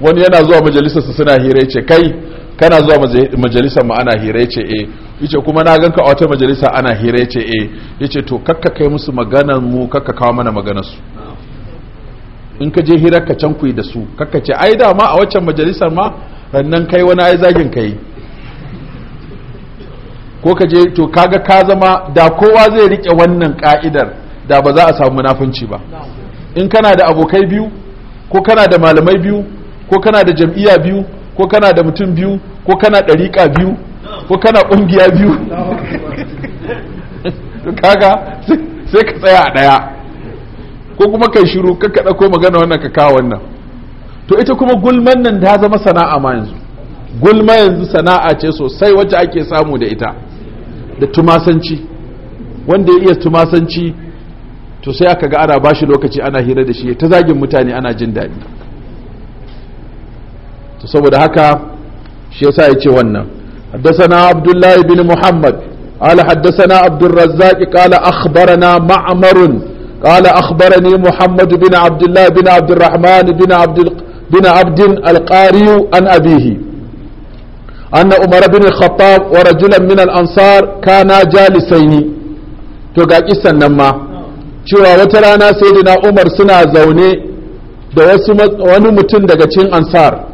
wani yana zuwa majalisarsa suna hira ce kai kana zuwa majalisar mu ana hira ce eh yace kuma na ganka a wata majalisa ana hira ce eh yace to kakka kai musu maganar mu kakka kawo mana maganar su in ka je hirar ka can kuyi da su kakka ce ai dama a waccan majalisar ma rannan kai wani ai zagin kai ko ka je to kaga ka zama da kowa zai rike wannan ka'idar da ba za a samu munafunci ba in kana da abokai biyu ko kana da malamai biyu ko kana da jam'iyya biyu ko kana da mutum biyu ko kana ɗariƙa biyu ko kana ƙungiya biyu kaga sai ka tsaya a ɗaya ko kuma kai shiru ka ɗauko magana wannan ka kawo wannan to ita kuma gulman nan ta zama sana'a ma yanzu gulma yanzu sana'a ce sosai wacce ake samu da ita da tumasanci wanda ya iya tumasanci to sai aka ga ana bashi lokaci ana hira da shi ta zagin mutane ana jin daɗi to saboda haka shi yasa ya ce wannan حدثنا عبد الله بن محمد قال حدثنا عبد الرزاق قال أخبرنا معمر قال أخبرني محمد بن عبد الله بن عبد الرحمن بن عبد بن عبد القاري عن أبيه أن عمر بن الخطاب ورجلا من الأنصار كانا جالسين تقاك سنما cewa wata rana sai na umar suna zaune da wasu wani mutum daga cikin ansar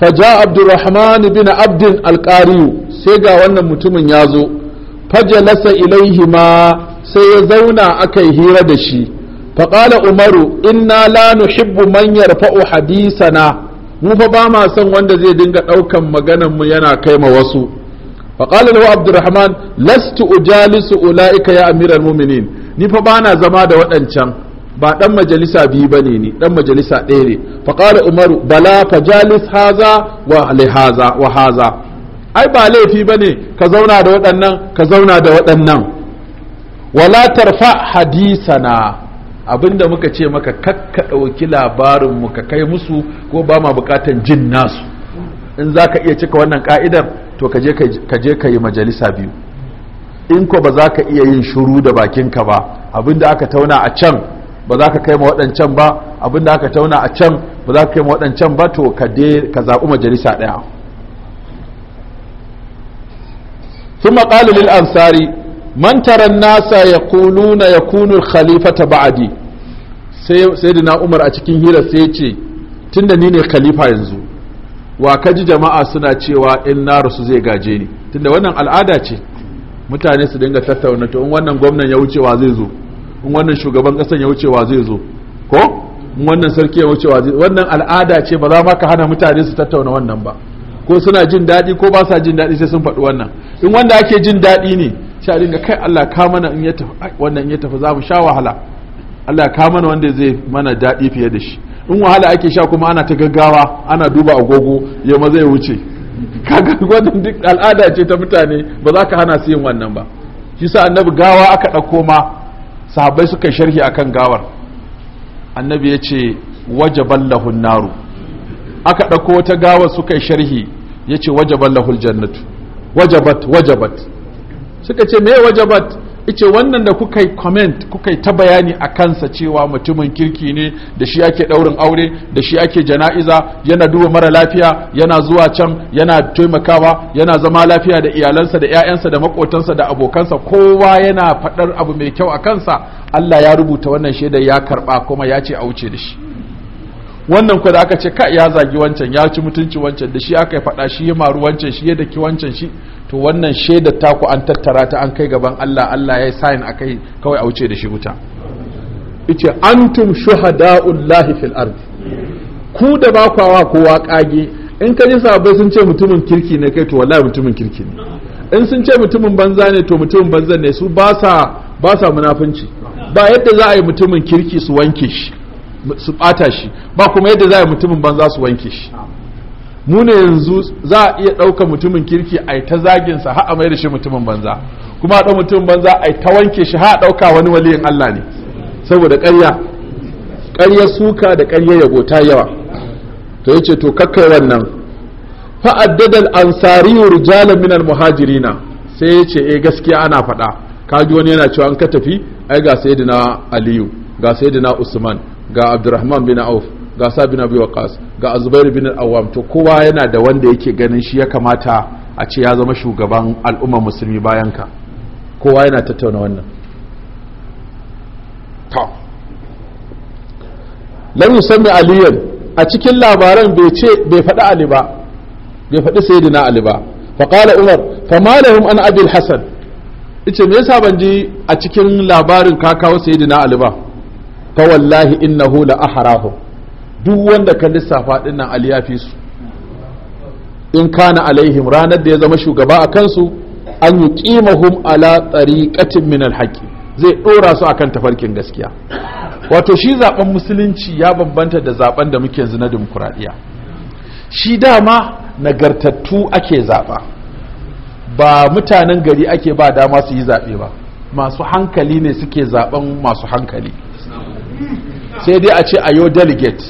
faja abdurrahman bin abdin alƙariyu sai ga wannan mutumin ya zo fajalasa ilaihi ma sai ya zauna aka yi hira da shi faƙala umaru inna la nuhibbu man yarfa'u hadisana mu fa ba ma son wanda zai dinga ɗaukan maganan mu yana kai ma wasu faƙala lahu abdurrahman lastu ujalisu ula'ika ya amiral muminin ni fa bana zama da waɗancan ba dan majalisa biyu bane ni dan majalisa ɗaya ne fa qala umaru bala fajalis haza wa haza wa haza ai ba laifi bane ka zauna da waɗannan ka zauna da waɗannan wala tarfa hadisana abinda muka ce maka kakka ɗauki labarin mu ka kai musu ko ba ma buƙatan jin nasu in za iya cika wannan ka'idar to ka je ka yi majalisa biyu in ko ba za ka iya yin shiru da bakinka ba abinda aka tauna a can ba za ka kai ma waɗancan ba abin da aka tauna a can ba za ka kai ma waɗancan ba to ka ka zaɓi majalisa ɗaya sun maƙali lil ansari mantaran nasa ya na ya kunu ta ba'adi sai da na'umar a cikin hira sai ce tun da ni ne khalifa yanzu wa ka ji jama'a suna cewa in na rasu zai gaje ni Tun da wannan al'ada ce mutane su dinga tattauna to in wannan gwamnan ya wucewa zai zo in wannan shugaban kasan ya wuce wa zai zo ko wannan sarki ya wuce wa zai wannan al'ada ce ba za ma ka hana mutane su tattauna wannan ba ko suna jin daɗi ko ba sa jin daɗi sai sun faɗi wannan in wanda ake jin daɗi ne sai a dinga kai Allah ka mana in ya tafi wannan in ya tafi za mu sha wahala Allah ka mana wanda zai mana daɗi fiye da shi in wahala ake sha kuma ana ta gaggawa ana duba agogo ya ma zai wuce kaga wannan duk al'ada ce ta mutane ba za ka hana su yin wannan ba shi sa annabi gawa aka ɗauko ma sahabbai suka sharhi akan gawar annabi ya ce wajaban lahun naru aka ɗauko wata gawar suka sharhi ya ce wajaban lahun jannatu wajabat wajabat suka ce me wajabat ce wannan da kuka yi comment kuka yi ta bayani a kansa cewa mutumin kirki ne da shi ake daurin aure da shi ake jana'iza yana duba mara lafiya yana zuwa can yana taimakawa yana zama lafiya da iyalansa da 'ya'yansa da makotansa da abokansa kowa yana faɗar abu mai kyau a kansa Allah ya rubuta wannan shaidar ya karɓa kuma ya ce a wuce da shi wannan ku da aka ce ka ya zagi wancan ya ci mutunci wancan da shi aka yi faɗa shi ya maru wancan shi ya daki wancan shi to wannan shaidar taku an tattara ta an kai gaban Allah Allah ya yi sayin a kai kawai a wuce da shi wuta ice antum lahi fil ardi ku da ba kwawa kowa kage in ka ji sabai sun ce mutumin kirki ne kai to wallahi mutumin kirki ne in sun ce mutumin banza ne to mutumin banza ne su ba sa ba sa munafunci ba yadda za a yi mutumin kirki su wanke shi su bata shi ba kuma yadda za a mutumin banza su wanke shi mu yanzu za a iya ɗauka mutumin kirki a ta zagin sa mai da shi mutumin banza kuma a ɗau mutumin banza a ta wanke shi haɗa a ɗauka wani waliyin Allah ne saboda ƙarya ƙarya suka da ƙarya yabo ta yawa to yace to kakkai wannan fa addadal ansari min al muhajirina sai yace eh gaskiya ana faɗa kaji wani yana cewa an ka tafi ai ga sayyidina aliyu ga sayyidina usman ga abdurrahman bin auf ga sabi bin biyu waqas ga azubair bin awam to kowa yana da wanda yake ganin shi ya kamata a ce ya zama shugaban al'ummar musulmi bayan ka kowa yana tattauna wannan ta lam aliyan a cikin labaran bai ce bai faɗi ali ba bai faɗi sayyidina ali ba fa qala umar fa an abil hasan yace me yasa ban ji a cikin labarin ka kawo sayyidina ali ba fa wallahi innahu la aharahu duk wanda ka lissafa dinnan ali su in kana alaihim ranar da ya zama shugaba a kansu an yi kimahum ala tariqatin min alhaqi zai dora su akan tafarkin gaskiya wato shi zaben musulunci ya bambanta da zaben da muke yanzu na demokuraɗiyya shi dama nagartattu ake zaɓa ba mutanen gari ake ba dama su yi zaɓe ba masu hankali ne suke zaɓen masu hankali sai dai a ce a yau delegate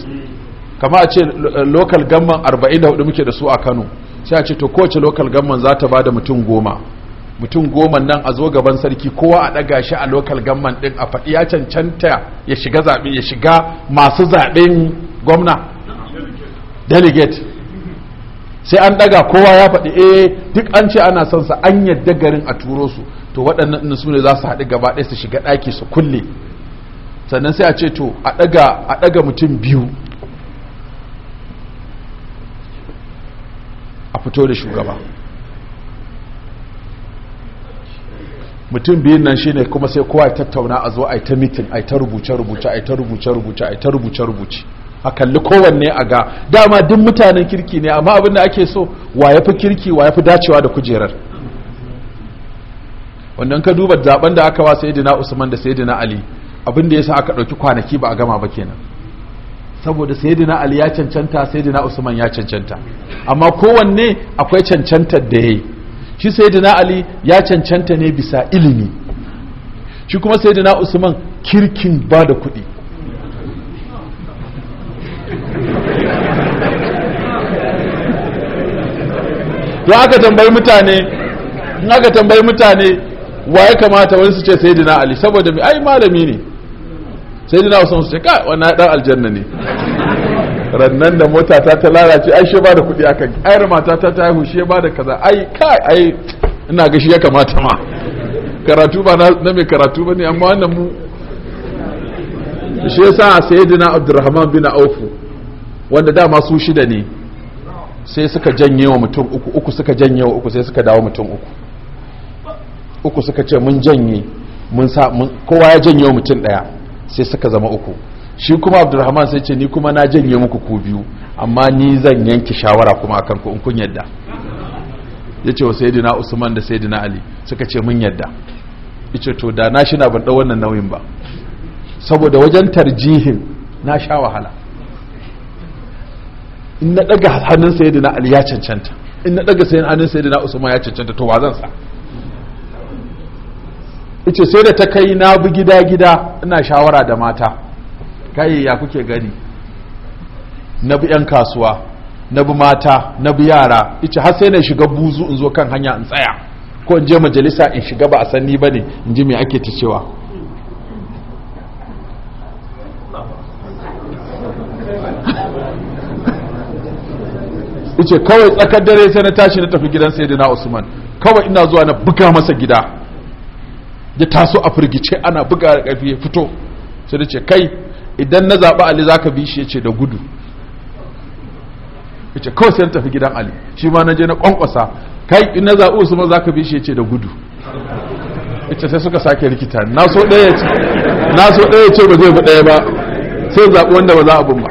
kama a ce local gamman 44 muke da su a kano sai a ce to kowace local gamman za ta ba da mutum goma mutum goma nan a zo gaban sarki kowa a ɗaga shi a local gamman ɗin a faɗi ya cancanta ya shiga zaɓe ya shiga masu zaɓen gwamna delegate sai an ɗaga kowa ya faɗi eh duk an ce ana son sa an yadda garin a turo su to waɗannan su ne za su haɗu gaba ɗaya su shiga ɗaki su kulle sannan sai a ce to a ɗaga mutum biyu a fito da shugaba mutum biyun nan shine kuma sai kowa ya tattauna a zo a yi ta mitin a yi ta rubuce-rubuce a yi ta rubuce-rubuce a yi ta rubuce-rubuce a kalli kowanne a ga dama duk mutanen kirki ne amma abin da ake so wa ya fi kirki wa ya fi dacewa da kujerar wannan ka duba zaben da aka wa na usman da sai na ali abin da yasa aka ɗauki kwanaki ba a gama ba kenan saboda sayyidina ali ya cancanta sayyidina usman ya cancanta amma kowanne akwai cancantar da yayi shi sayyidina ali ya cancanta ne bisa ilimi shi kuma sayyidina usman kirkin ba da kuɗi don aka tambayi mutane in aka tambayi mutane wa ya kamata wani su ce sayyidina ali saboda mai ai malami ne sai dina wasu su ce kai ya dan aljanna ne rannan da mota ta ta lalace ai shi ba da kuɗi akan ayar mata ta ta haihu shi ba da kaza ai kai ai ina ga shi ya kamata ma karatu ba na mai karatu ba ne amma wannan mu shi yasa sayyidina abdurrahman bin auf wanda dama su shida ne sai suka janye wa mutum uku uku suka janye wa uku sai suka dawo mutum uku uku suka ce mun janye mun sa kowa ya janye wa mutum daya sai suka zama uku shi kuma abdulrahman sai ce ni kuma na janye muku ku biyu amma ni zan yanke shawara kuma a ku in kun yadda ya ce wa sayidina usman da sayidina ali suka ce mun yadda ya to da na shina ban ɗau wannan nauyin ba saboda wajen tarjihin na sha wahala in na ɗaga hannun sayidina ali ya cancanta in na ɗaga hannun sayidina usman ya cancanta to wa zan sa ice sai da ta kai na bi gida gida ina shawara da mata kai ya kuke gani na bi yan kasuwa na bi mata na bi yara ita har sai na shiga buzu in zo kan hanya in tsaya ko in je majalisa in shiga ba a sanni bane in ji me ake ta cewa ice kawai tsakar dare sai na tashi na tafi gidan sayyidina Usman kawai ina zuwa na buga masa gida ya taso a firgice ana buga da ƙarfi ya fito sai da ce kai idan na zaɓi ali za ka bi shi ya ce da gudu ya ce kawai sai na tafi gidan ali shi ma na je na ƙwanƙwasa kai in na zaɓi usman za ka bi shi ya ce da gudu ya ce sai suka sake rikita na so ɗaya ce na so ɗaya ce ba zai bi ɗaya ba sai zaɓi wanda ba za a bin ba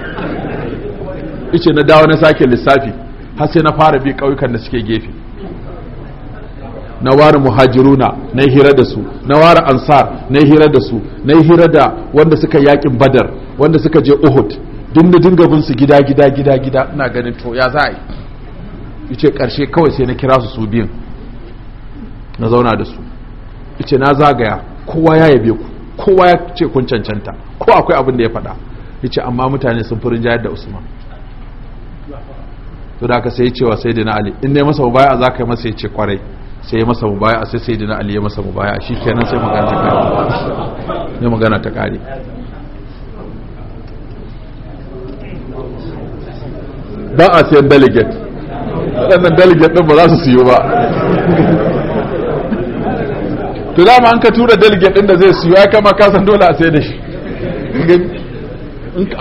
ya ce na dawo na sake lissafi har sai na fara bi ƙauyukan da suke gefe na ware muhajiruna na hira da su na ware ansar na hira da su na hira da wanda suka yakin badar wanda suka je uhud dinga dinga bin su gida gida gida gida ina ganin to ya za a yi yace karshe kawai sai na kira su su biyan na zauna da su yace na zagaya kowa ya yabe ku kowa ya ce kun cancanta ko akwai abin da ya faɗa yace amma mutane sun furin jayar da usman to da ka sai cewa sai ali in ne masa baya za ka yi masa ya ce kwarai sai masa mubaya sai sai dina ali ya masa mubaya shi kenan sai magana ta kare ne magana ta kare ba a sai delegate waɗannan delegate ɗin ba za su siyo ba to dama an ka tura delegate ɗin da zai siyo ya kama kasan dole a sai da shi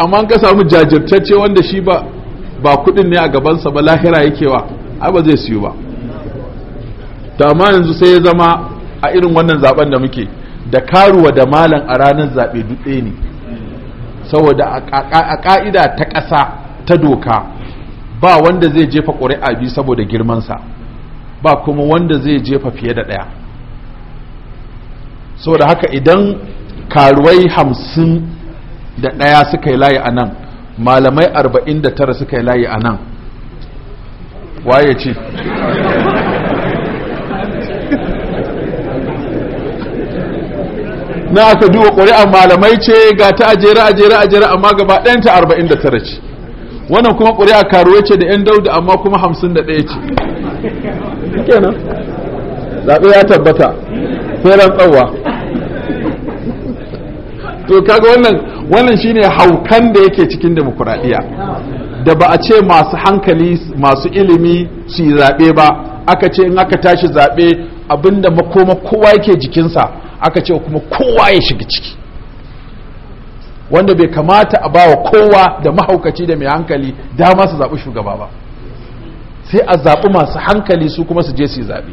amma an ka samu jajirtacce wanda shi ba ba kudin ne a gabansa ba lahira yake wa ai ba zai siyo ba to amma yanzu sai ya zama a irin wannan zaben da muke da karuwa da malam a ranar zaɓe dutse ne saboda a ƙa'ida ta ƙasa ta doka ba wanda zai jefa ƙuri'a biyu saboda girmansa ba kuma wanda zai jefa fiye da ɗaya saboda haka idan karuwai hamsin da ɗaya suka yi layi a nan malamai arba'in da tara suka yi layi a nan waye ce na aka duba ƙuri'ar malamai ce ga ta ajera ajera ajera amma gaba ta arba'in da tara ce wannan kuma ƙuri'a karuwa ce da 'yan dauda amma kuma hamsin da ɗaya ce kenan zaɓe ya tabbata sai tsawa to kaga wannan wannan shine haukan da yake cikin demokuraɗiyya da ba a ce masu hankali masu ilimi su yi zaɓe ba aka ce in aka tashi zaɓe abinda makoma kowa yake jikinsa aka ce kuma kowa ya shiga ciki wanda bai kamata a bawa kowa da mahaukaci da mai hankali dama su zaɓi shugaba ba sai a zaɓi masu hankali su kuma su je su zaɓi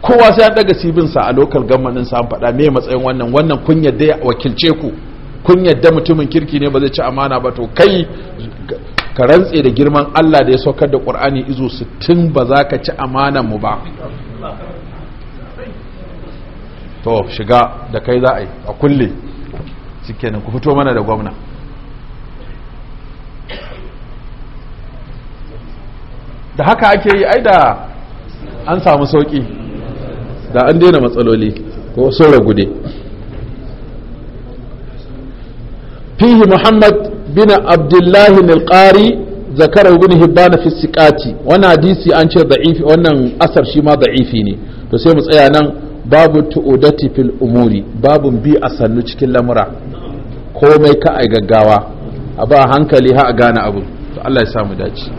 kowa sai an ɗaga sibinsa a lokal gammanin sa faɗa me matsayin wannan wannan kun yadda ya wakilce ku kun yadda mutumin kirki ne ba zai ci amana ba to kai ka rantse da girman Allah da ya saukar da Qur'ani izo 60 ba za ka ci amanan mu ba to shiga da kai za a yi a kulle shikenan ku fito mana da gwamna da haka ake yi ai da an samu sauki da an daina matsaloli ko sun gude. fihi muhammad bin abdullahi nilkari zakara bin Hibba fi sikati wannan hadisi an ce da'ifi wannan asar shi ma da'ifi ne to sai mu tsaya nan babu tu'udati fil umuri babu bi a sannu cikin lamura komai ka ai gaggawa a ba hankali ha a gane abu to Allah ya samu dace